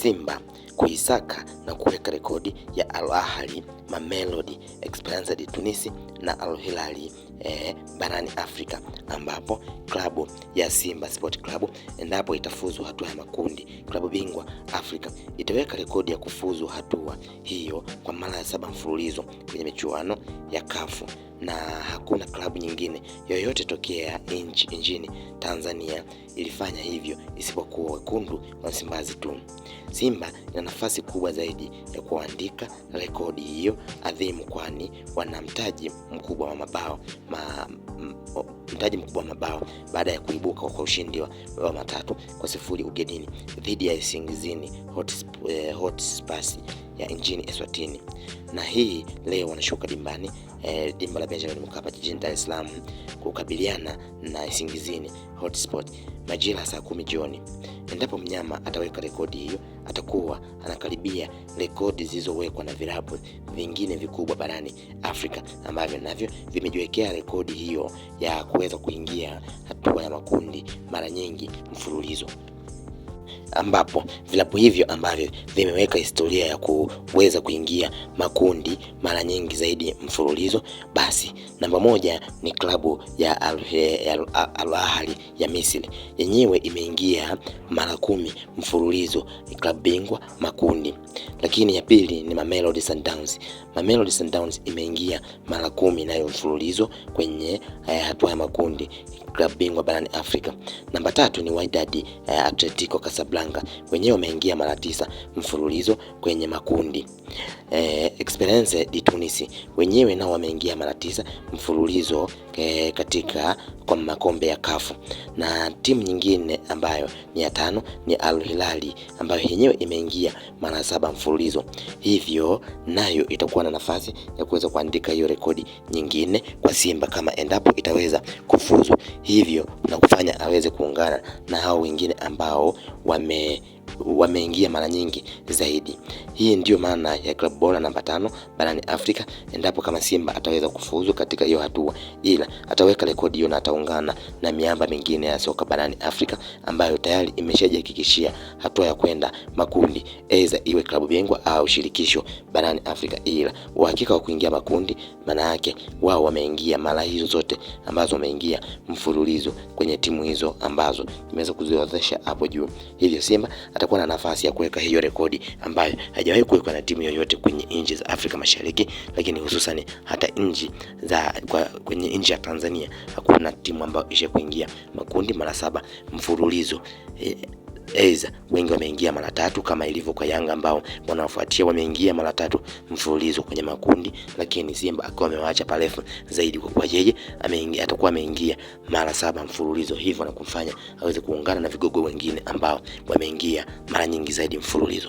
Simba kuisaka na kuweka rekodi ya Al Ahly, Mamelodi, Esperance de Tunisi na Al Hilali eh, barani Afrika ambapo klabu ya Simba Sport Club endapo itafuzu hatua ya makundi klabu bingwa Afrika itaweka rekodi ya kufuzu hatua hiyo kwa mara ya saba mfululizo kwenye michuano ya kafu na hakuna klabu nyingine yoyote tokea inch, nchini Tanzania ilifanya hivyo isipokuwa wekundu wa Msimbazi tu. Simba ina nafasi kubwa zaidi ya kuandika rekodi hiyo adhimu, kwani wana mtaji mkubwa wa mabao ma, mtaji mkubwa wa mabao baada ya kuibuka kwa ushindi wa, wa matatu kwa sifuri ugenini dhidi ya Isingizini Hotspurs eh, ya nchini Eswatini, na hii leo wanashuka dimbani e, dimba la Benjamin Mkapa jijini Dar es Salaam kukabiliana na Isingizini hotspot majira saa kumi jioni. Endapo mnyama ataweka rekodi hiyo, atakuwa anakaribia rekodi zilizowekwa na vilabu vingine vikubwa barani Afrika ambavyo navyo vimejiwekea rekodi hiyo ya kuweza kuingia hatua ya makundi mara nyingi mfululizo ambapo vilabu hivyo ambavyo vimeweka historia ya kuweza kuingia makundi mara nyingi zaidi mfululizo, basi namba moja ni klabu ya Al, Ahly ya Misri, yenyewe imeingia mara kumi mfululizo klabu bingwa makundi. Lakini ya pili ni Mamelodi Sundowns. Mamelodi Sundowns imeingia mara kumi nayo mfululizo kwenye eh, hatua ya makundi klabu bingwa barani Afrika. Namba tatu ni Wydad eh, Atletico Casablanca Casablanca wenyewe wameingia mara tisa mfululizo kwenye makundi. eh, Experience di Tunisi wenyewe nao wameingia mara tisa mfululizo eh, katika kwa makombe ya kafu na timu nyingine ambayo ni ya tano ni Al Hilali ambayo yenyewe imeingia mara saba mfululizo, hivyo nayo itakuwa na nafasi ya kuweza kuandika hiyo rekodi nyingine kwa Simba kama endapo itaweza kufuzu hivyo na kufanya aweze kuungana na hao wengine ambao wame wameingia mara nyingi zaidi. Hii ndiyo maana ya klabu bora namba tano barani Afrika, endapo kama Simba ataweza kufuzu katika hiyo hatua, ila ataweka rekodi hiyo na ataungana na miamba mingine ya soka barani Afrika ambayo tayari imeshajihakikishia hatua ya kwenda makundi, aidha iwe klabu bingwa au shirikisho barani Afrika, ila uhakika wa kuingia makundi, maana yake wao wameingia mara hizo zote ambazo wameingia mfululizo kwenye timu hizo ambazo imeweza kuziorodhesha hapo juu, hivyo Simba atakuwa na nafasi ya kuweka hiyo rekodi ambayo haijawahi kuwekwa na timu yoyote kwenye nchi za Afrika Mashariki, lakini hususan hata nchi za kwa, kwenye nchi ya Tanzania hakuna timu ambayo ishe kuingia makundi mara saba mfululizo eh, Aidha, wengi wameingia mara tatu kama ilivyo kwa Yanga ambao wanaofuatia wameingia mara tatu mfululizo kwenye makundi, lakini Simba akiwa amewaacha parefu zaidi kwa kuwa yeye ameingia atakuwa ameingia mara saba mfululizo, hivyo na kumfanya aweze kuungana na vigogo wengine ambao wameingia mara nyingi zaidi mfululizo.